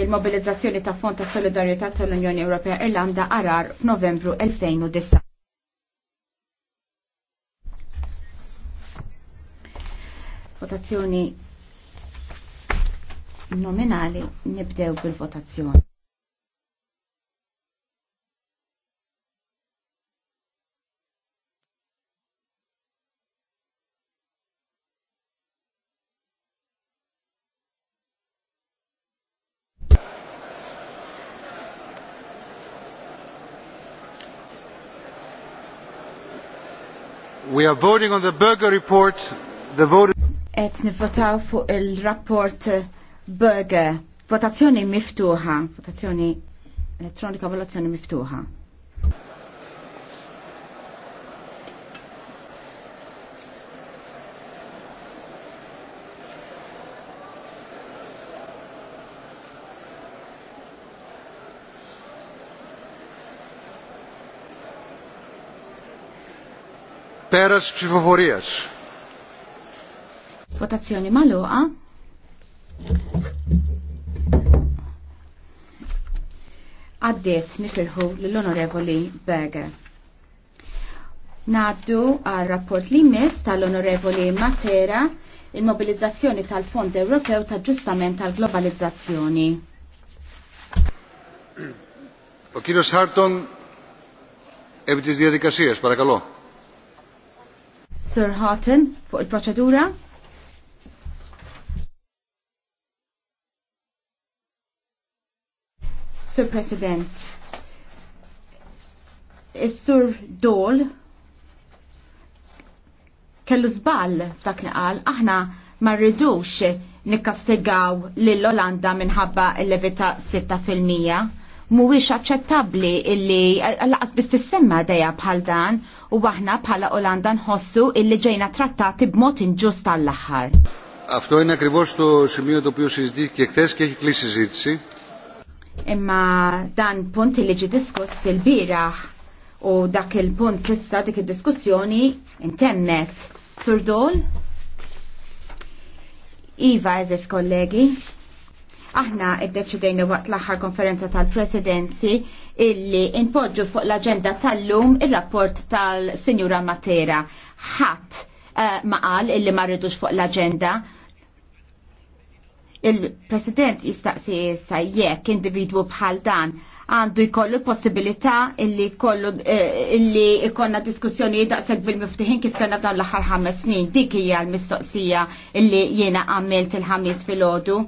il-mobilizzazzjoni ta' Fond ta' Solidarjetà tal-Unjoni Ewropea Irlanda arar f'Novembru 2009. Votazzjoni nominali nibdew bil-votazzjoni. We are voting on the Berger report. The vote Et nivvotaw fuq il-rapport Berger. Votazzjoni miftuħa. Votazzjoni elettronika, votazzjoni miftuħa. Votazzjoni maluqa. Għaddiet nifirħu l-Onorevoli Berger. Naddu għal rapport li mis tal-Onorevoli Matera il-mobilizzazzjoni tal-Fond Ewropew ta' ġustament tal-globalizzazzjoni. Ο Harton, ebitis diadikasijas, της Sir Hatton fuq il-proċedura. Sir President, Is-Sur Dol kellu żball dak li qal aħna ma rridux nikkastigaw lill-Olanda minħabba l-levita 6 fil-mija mhuwiex aċċettabbli illi laqas biss tissemma dejja bħal dan u aħna bħala Olanda nħossu illi ġejna trattati b'mod inġust għall aħħar Αυτό είναι ακριβώς το σημείο το οποίο συζητήθηκε χθε και έχει κλείσει συζήτηση. Imma dan punt li ġi diskuss il-biraħ u dak il-punt tista' dik il-diskussjoni intemmet. Surdol? Iva, eżis kollegi, Aħna id-deċidejna waqt l-aħħar konferenza tal-presidenzi illi inpoġġu fuq l-agenda tal-lum il-rapport tal-Sinjura Matera. Ħadd eh, ma qal illi ma rridux fuq l-agenda il-President jistaqsi issa jekk individwu bħal dan għandu jkollu possibilità illi kollu eh, illi ikonna diskussjoni daqseg bil-miftiħin kif kena f'dan l-aħħar ħames snin. Dik hija l-mistoqsija illi jiena għamilt il-ħamis fil-ħodu.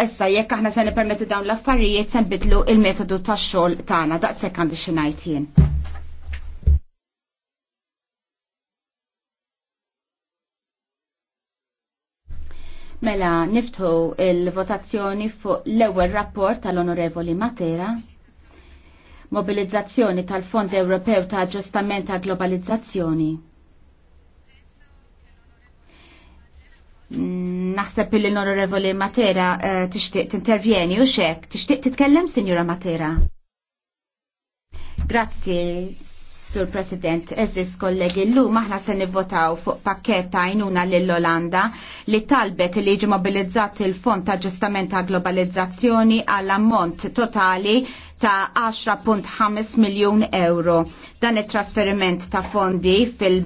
Issa jekk aħna se nippermettu dawn l-affarijiet se nbidlu il-metodu tax-xogħol tagħna daqshekk għandi xi ngħid jien. Mela niftħu il-votazzjoni fuq l-ewwel rapport tal-Onorevoli Matera mobilizzazzjoni tal-Fond Ewropew ta' Aġġustament ta' Globalizzazzjoni. Naħseb li l-Onorevoli Matera eh, tixtieq tintervjeni u xek, tixtieq titkellem, Sinjura Matera. Grazzi, Sur President, eżis kollegi, l lu aħna se nivvotaw fuq pakketta għajnuna l-Olanda li talbet li ġi mobilizzat il-Fond ta' Ġustamenta globalizzazzjoni għall ammont totali ta' 10.5 miljon euro. Dan it-trasferiment ta' fondi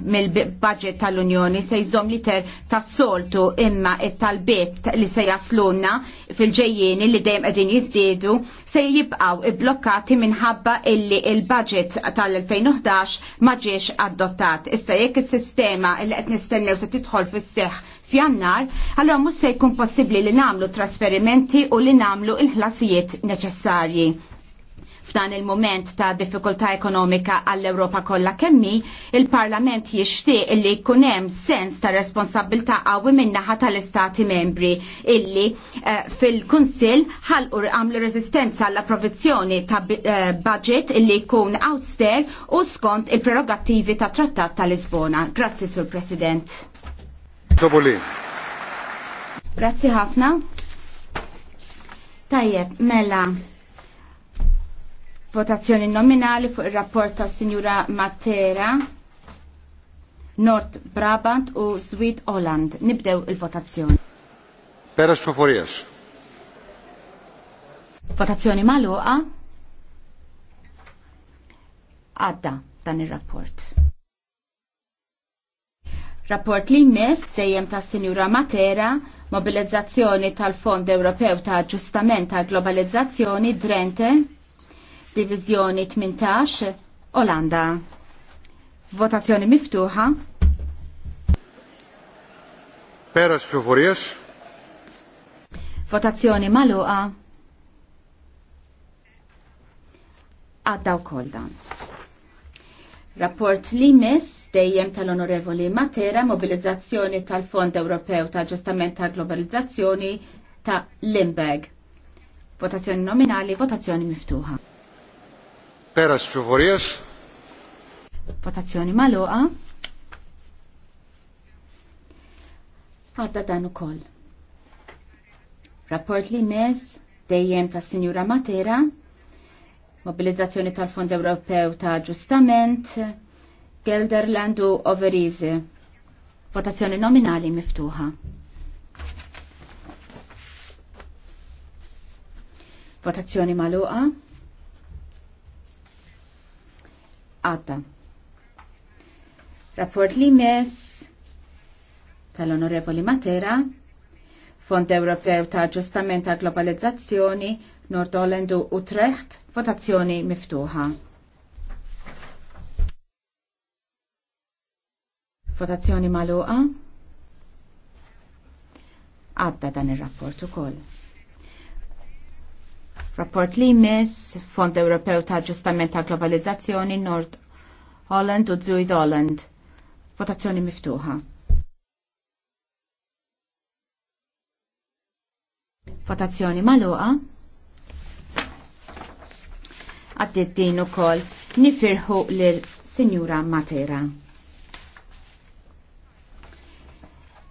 mill-budget tal-Unjoni se jżom ter ta' soltu imma it-talbiet li se jaslunna fil-ġejjeni li dejjem qegħdin jiżdiedu se jibqaw iblokkati minħabba illi il-budget tal-2011 ma ġiex adottat. Issa jekk is-sistema li qed nistennew se tidħol fis-seħħ f'jannar, allora mhux se jkun possibbli li nagħmlu trasferimenti u li nagħmlu l-ħlasijiet neċessarji f'dan il-moment ta' diffikultà ekonomika għall europa kollha kemmi, il-Parlament jixtieq illi jkun hemm sens ta' responsabilità qawwi min-naħa tal-Istati membri illi uh, fil-Kunsill ħalqu għamlu resistenza għall approvizzjoni ta' eh, budget illi jkun auster u skont il-prerogattivi ta' Trattat tal Lisbona. Grazzi, Sur President. Grazzi ħafna. Tajjeb, mela. Votazzjoni nominali fuq il-rapport ta' Sinjura Matera, Nord Brabant u Zwid Holland. Nibdew il-votazzjoni. Peres Foforias. Votazzjoni maluqa. Għadda dan il-rapport. Rapport li mess dejjem ta' Sinjura Matera mobilizzazzjoni tal-Fond Ewropew ta' Ġustament tal Globalizzazzjoni Drente Divizjoni 18, Olanda. Votazzjoni miftuħa. Peras Fufurjes. Votazzjoni maluqa. Għadda wkoll dan. Rapport li mis dejjem tal-Onorevoli Matera mobilizzazzjoni tal-Fond Ewropew tal-ġustament tal-globalizzazzjoni ta' Limbeg. Votazzjoni nominali, votazzjoni miftuħa. Peras ċuvorjes. Votazzjoni maluqa. Għadda dan ukoll. Rapport li mez dejjem ta' Sinjura Matera, mobilizzazzjoni tal-Fond Ewropew ta' Ġustament, u Overize. Votazzjoni nominali miftuħa. Votazzjoni maluqa. għata. Rapport li mess tal-Onorevoli Matera, Fond Ewropew ta' Ġustament ta' Globalizzazzjoni, Nord Holland u Utrecht, votazzjoni miftuħa. Votazzjoni maluqa? Għadda dan ir rapport ukoll. Rapport li mis, Fond Ewropew ta' ġustament ta' globalizzazzjoni Nord Holland u Zuid Holland. Votazzjoni miftuħa. Votazzjoni maluqa. Għaddit din ukoll nifirħu lil Sinjura Matera.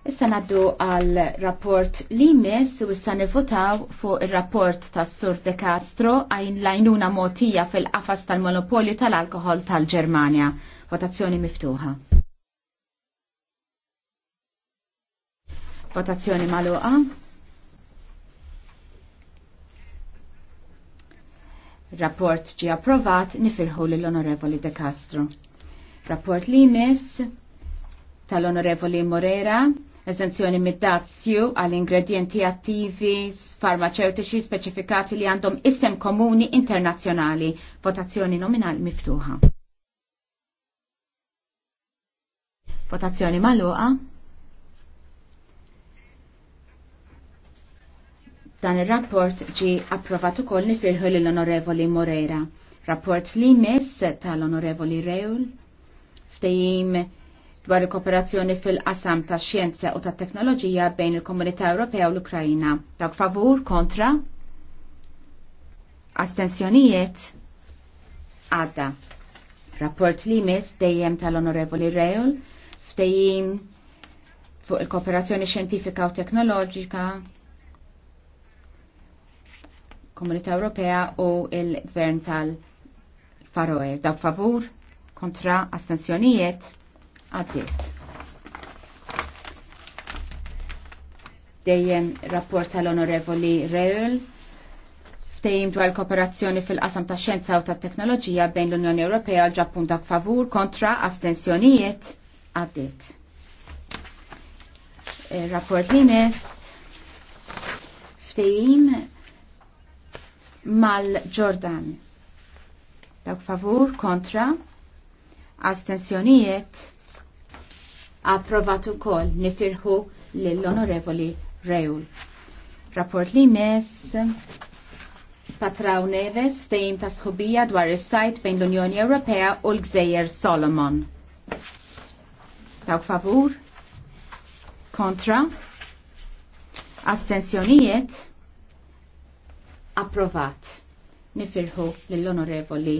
Issa naddu għal rapport li mis u issa nifutaw fuq il-rapport tas Sur De Castro għajn lajnuna motija fil-qafas tal-monopolju tal-alkohol tal-Germania. Votazzjoni miftuħa. Votazzjoni maluqa. Rapport ġi approvat nifirħu l-Onorevoli De Castro. Rapport li mis tal-Onorevoli Morera Esenzjoni mid-dazzju għal ingredienti attivi farmaceutiċi speċifikati li għandhom isem komuni internazzjonali. Votazzjoni nominali miftuħa. Votazzjoni maluqa. Dan il-rapport ġi approvat ukoll nifirħu l-Onorevoli Moreira. Rapport li mis tal-Onorevoli Reul ftejim dwar il-kooperazzjoni fil-qasam ta' xjenza u ta' teknoloġija bejn il-Komunità Ewropea u l-Ukrajina. Dawk favur, kontra? Astensjonijiet? Għadda. Rapport li mis dejjem tal-Onorevoli Reul ftejjim fuq il-kooperazzjoni xjentifika u teknoloġika Komunità Ewropea u il-Gvern tal-Faroe. Dawk favur, kontra astensjonijiet? għaddiet. Dejjem rapport tal-Onorevoli Reul ftehim dwar kooperazzjoni fil-qasam ta' xjenza u ta' teknoloġija bejn l-Unjoni Ewropea għal ġappun dak favur kontra astensjonijiet għaddiet. Eh, rapport li mess ftehim mal-Ġordan. Dak favur kontra astensjonijiet approvat ukoll nifirħu lill-Onorevoli Reul. Rapport li mes Patraw Neves ftehim ta' sħubija dwar is-sajt bejn l-Unjoni Ewropea u l-Gżejjer Solomon. Dawk favur? Kontra? Astensjonijiet? Approvat. Nifirħu lill-Onorevoli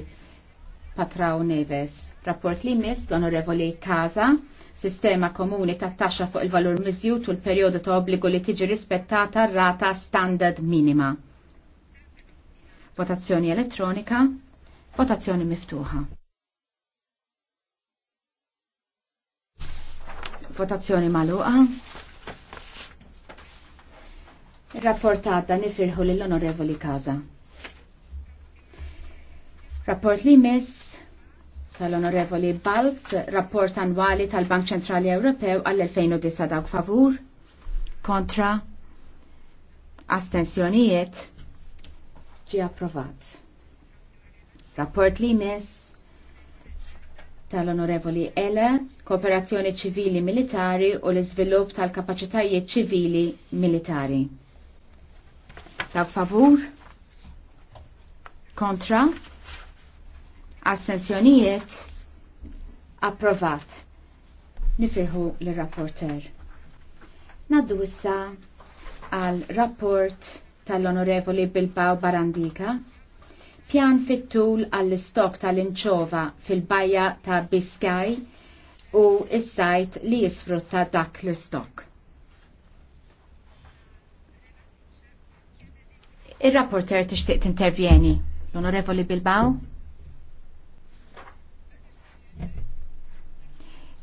Patraw Neves. Rapport li miss l-Onorevoli Kaza sistema komuni ta' taxxa fuq il-valur miżjut u l-perjodu ta' obbligu li tiġi rispettata rata standard minima. Votazzjoni elettronika, votazzjoni miftuħa. Votazzjoni maluqa. Rapportata nifirħu l-Onorevoli Kaza. Rapport li miss tal-Onorevoli Balz, rapport annwali tal-Bank Ċentrali Ewropew għall-2009 dawk favur, kontra, astensjonijiet, ġi approvat. Rapport li mes tal-Onorevoli Ele, kooperazzjoni ċivili militari u l-izvilup tal-kapacitajiet ċivili militari. Dawk favur, kontra, Astenzjonijiet? Approvat. Nifirħu l-rapporter. Naddu issa għal rapport tal-Onorevoli Bilbao Barandika. Pjan fit-tul għall-istok tal-inċova fil-bajja ta' Biskaj u s-sajt li jisfrutta dak l-istok. Il-rapporter tixtieq tintervjeni. L-Onorevoli Bilbao?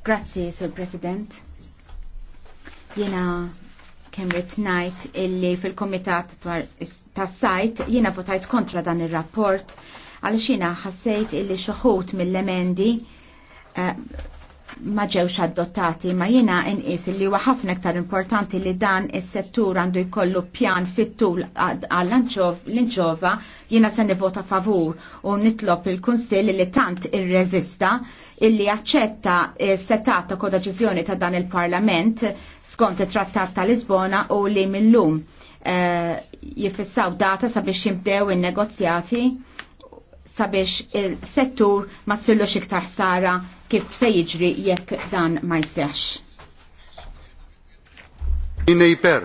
Grazzi, Sur President. Jena kemm rrit ngħid illi fil-Komitat tas-sajt jiena votajt kontra dan ir-rapport għaliex jiena ħassejt illi xi mill-emendi uh, ma ġewx adottati ma jiena inqis li huwa ħafna iktar importanti li dan is-settur għandu jkollu pjan fit-tul għall-inċova jiena se nivota favur u nitlob il-Kunsill li tant irreżista il illi aċċetta eh, setat ta' kodaċizjoni ta' dan il-Parlament skont it-Trattat ta' Lisbona u li millum eh, jifissaw data sabiex jimdew il negozjati sabiex il-settur ma sillux iktar sara kif se jiġri jekk dan ma jsex. Jine jiper.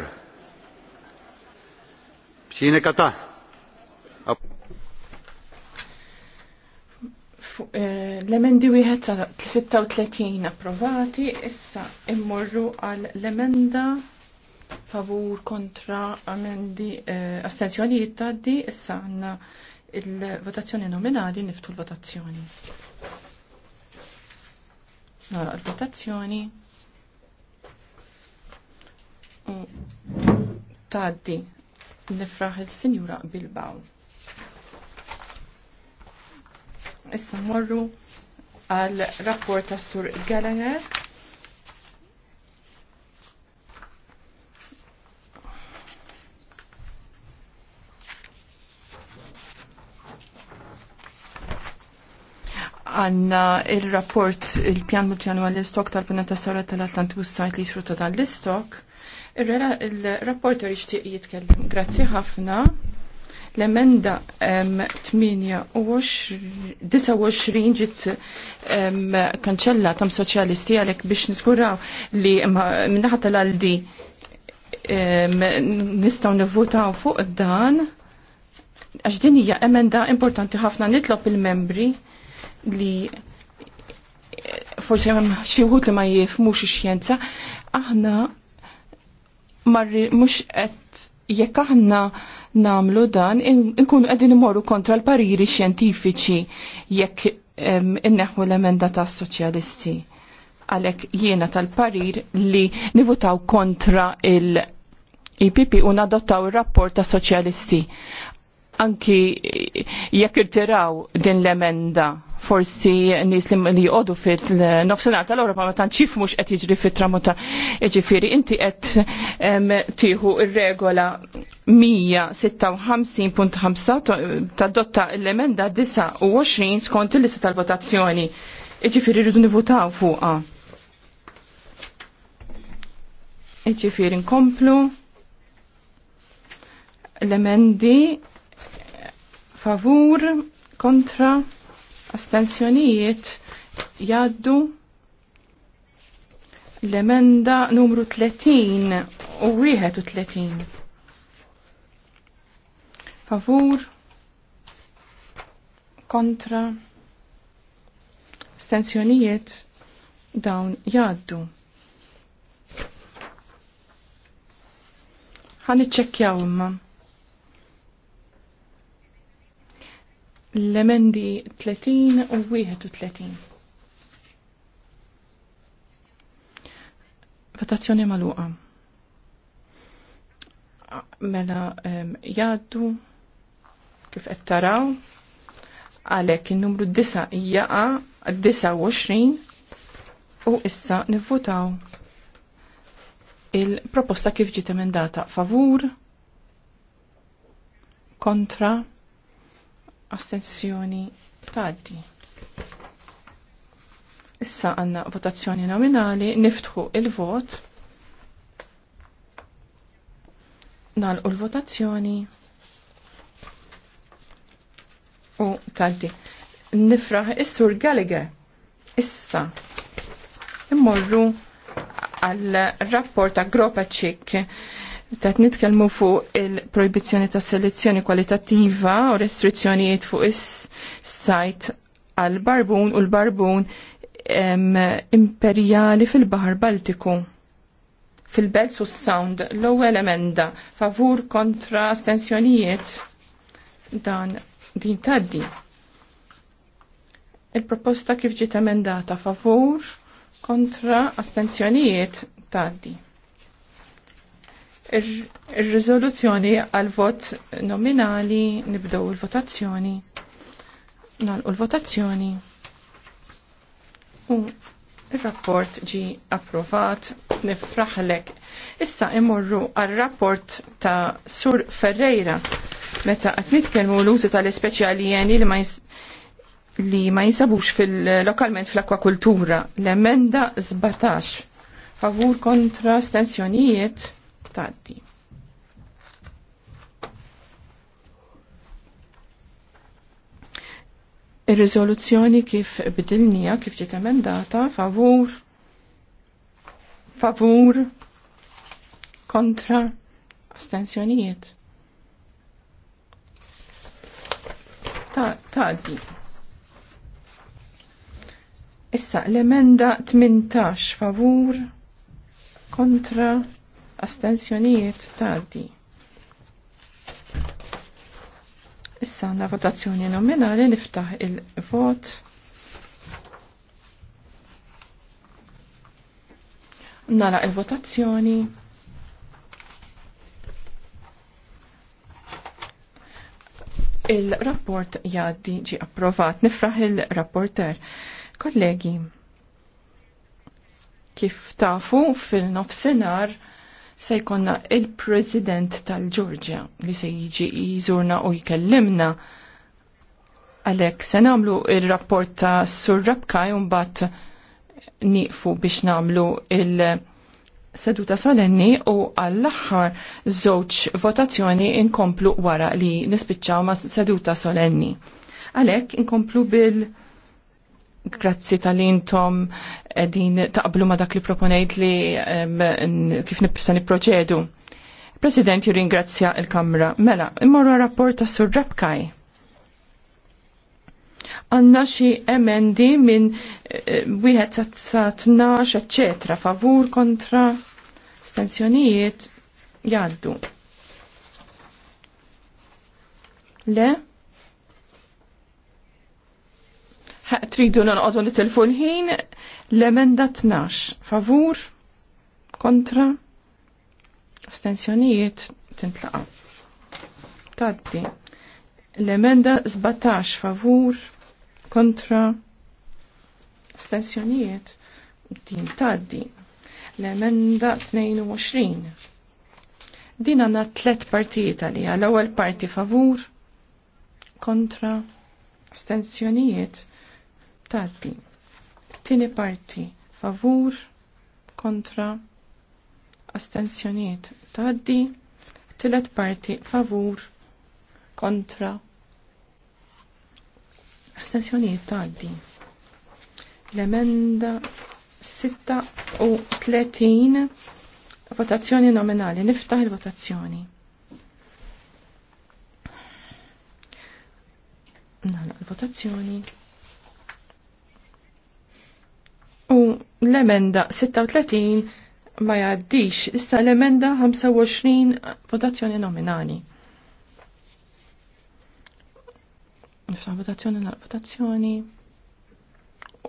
Jine kata. Eh, l-emendi wieħed ta' 36 approvati, issa immorru għal l-emenda favur kontra amendi eh, astenzjonijiet taddi, issa għanna il-votazzjoni nominali niftu l-votazzjoni. Nara l-votazzjoni. Taddi, nifraħ il-Sinjura Bilbao. Issa morru għal rapport tas Sur Gallagher. għanna il-rapport il-pjan multjanu għall-istok tal tas sawra tal-Atlantiku s-sajt li xruta tal-istok. Il-rapporter ixtieq jitkellem. Grazzi ħafna. L-emenda 29 ġit kanċella tam soċjalisti għalek biex nisguraw li minnaħat tal-għaldi nistaw nivvotaw fuq dan għax din hija emenda importanti ħafna nitlob il-membri li forse hemm xi wħud li ma jifhmux ix-xjenza, aħna marri mhux qed jekk aħna namlu dan, nkunu qegħdin imorru kontra l-pariri xjentifiċi jekk inneħu l-emenda ta' soċjalisti. Għalek jiena tal-parir li nivutaw kontra il- IPP u nadottaw il-rapport ta' soċjalisti anki jekk irtiraw din l-emenda forsi nis li jgħodu fil-nofsenar tal-Europa ma ċif mux qed jiġri fit-tramuta ġifiri. inti qed tieħu il regola 156.5 dotta l-emenda 29 skont il-lista tal-votazzjoni. Iġifieri rridu nivutaw fuqha. Ġifiri nkomplu l-emendi favur kontra astensjonijiet jaddu l-emenda numru 30 u 31 favur kontra astensjonijiet dawn jaddu ħan iċċekkjaw imma l-emendi 30 u 31. Votazzjoni maluqa. Mela um, jaddu kif qed taraw għalhekk in-numru 9 jaqa' 29 u issa nivvutaw il-proposta kif ġiet emendata favur kontra astensjoni taddi. Issa għanna votazzjoni nominali, niftħu il-vot, nalqu l-votazzjoni u taddi. Nifraħ is-sur Gallagher. Issa, immorru għal rapport ta' Gropa Chick Tat nitkellmu fuq il-proibizzjoni ta' selezzjoni kwalitattiva u restrizzjonijiet fuq is-sajt għal barbun u l-barbun imperjali fil-Bahar Baltiku. Fil-Belt u Sound l-ewwel emenda favur kontra astensjonijiet dan din taddi. Il-proposta kif ġiet emendata favur kontra astensjonijiet taddi. Ir-riżoluzzjoni għal vot nominali nibdew il-votazzjoni. Nalqu l-votazzjoni. U r rapport ġi approvat nifraħlek. Issa imorru għal-rapport ta' Sur Ferreira meta qed nitkellmu l-użu tal ispeċjalieni li ma li ma jinsabux fil-lokalment fl-akwakultura. L-emenda 17. Favur kontra stenzjonijiet tgħaddi. Ir-riżoluzzjoni kif bidilnija kif ġiet emendata favur favur kontra astensjonijiet. Ta' tgħaddi. Issa l-emenda 18 favur kontra astensjonijiet tgħaddi. Issa għandna votazzjoni nominali niftaħ il-vot. Nara il-votazzjoni. Il-rapport jaddi ġi approvat. Nifraħ il-rapporter. Kollegi, kif tafu fil-nofsenar se jkonna il-President tal-Ġorġja li se jiġi jizurna u jkellimna għalek se namlu il-rapport ta' Sur Rabkaj unbat niqfu biex namlu il-seduta solenni u għall-axħar żewġ votazzjoni inkomplu wara li nispiċċaw ma' seduta solenni. Għalek inkomplu bil- Grazzi tal-intom din taqblu ma dak li proponejt li kif nipsa niproċedu. President ringrazzja il-Kamra. Mela, immorru rapport Sur Rabkaj għanna xi emendi minn eh, wieħed sa tnax, eċetera, favur kontra stensjonijiet jgħaddu. Le? tridu nanqodu li l-ħin, l-emenda 12, favur, kontra, astensjonijiet, tintlaqa. Taddi, l-emenda 17, favur, kontra, astensjonijiet, din taddi. L-emenda 22. Din għanna tlet partijiet għalija, l-ewwel parti favur, kontra, astensjonijiet, taddi. Tini parti favur kontra astensjoniet taddi. tillet parti favur kontra astensjoniet taddi. L-emenda 36 votazzjoni nominali. Niftaħ il-votazzjoni. Nala, il-votazzjoni. U l-emenda 36 ma jaddix, issa l-emenda 25 votazzjoni nominali. Nifsa votazzjoni nal votazzjoni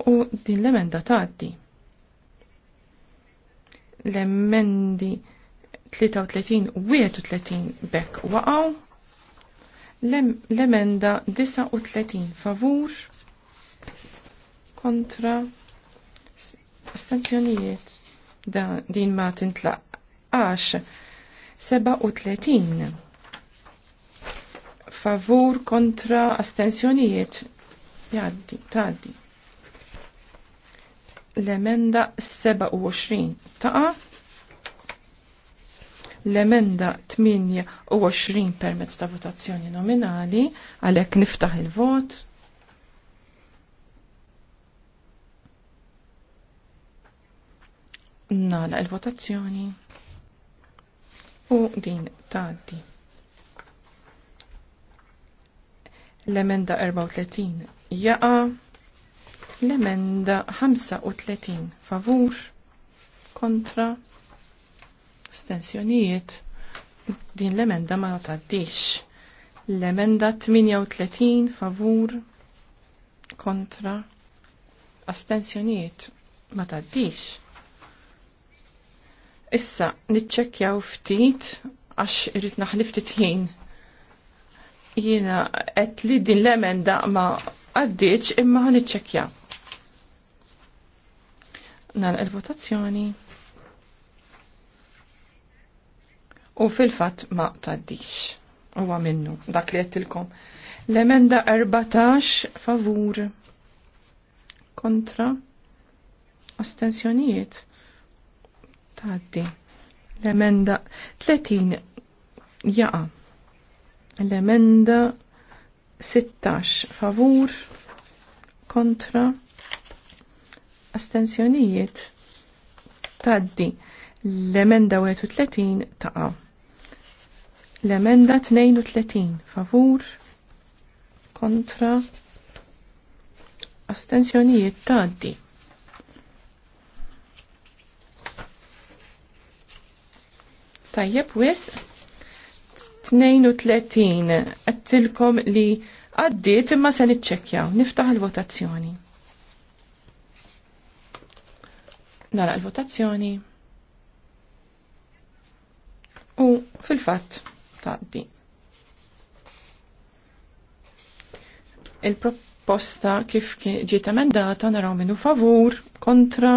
u din l-emenda taddi. L-emendi 33 u 31 bekk waqaw l-emenda 39 favur kontra Astenzjonijiet. Da din ma tintlaqax 37. Favur kontra astenzjonijiet. Jaddi, taddi. L-emenda 27 taqa. L-emenda 28 permezz ta' votazzjoni nominali, għalek niftaħ il-vot. Nala il-votazzjoni u din taddi. L-emenda 34 jaqa, l-emenda 35 favur kontra stensjonijiet din l-emenda ma taddix. L-emenda 38 favur kontra astensjonijiet ma taddix Issa, niċċekjaw ftit għax irrit naħlif titħin. Jiena qed li din l-emenda ma għaddiċ imma nitċekja. Nan il-votazzjoni. U fil-fat ma taddiċ. U minnu dak li għettilkom. L-emenda 14 favur kontra astensjonijiet Taddi. L-emenda 30 jaqa. L-emenda 16 favur kontra astensjonijiet taddi l-emenda 31 taqa. L-emenda 32 favur kontra astensjonijiet taddi. Tajjeb wis 32 għattilkom li għaddiet imma se niċċekkjaw. Niftaħ il-votazzjoni. Nara il-votazzjoni. U fil-fatt taddi. Il-proposta kif ġiet emendata naraw minnu favur, kontra,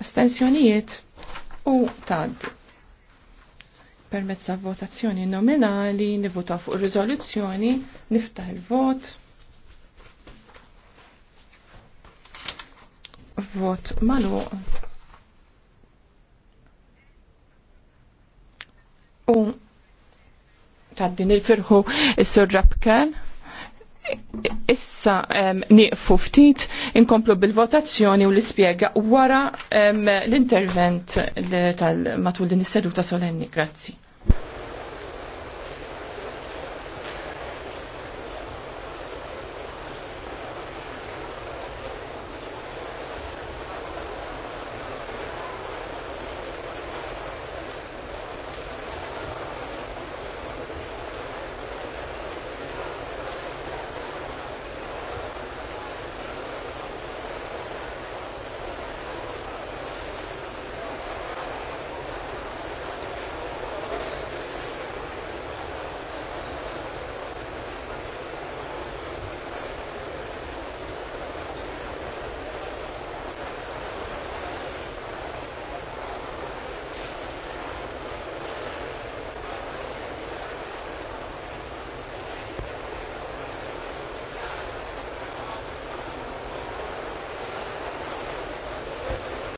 astensjonijiet u tad, Permezz ta' votazzjoni nominali nivota fuq riżoluzzjoni niftaħ il-vot. Vot magħluq. U tad din il-firħu is-sur Rabkel issa nieqfu ftit inkomplu bil-votazzjoni u l ispiega wara l-intervent matul din is-seduta solenni. Grazzi.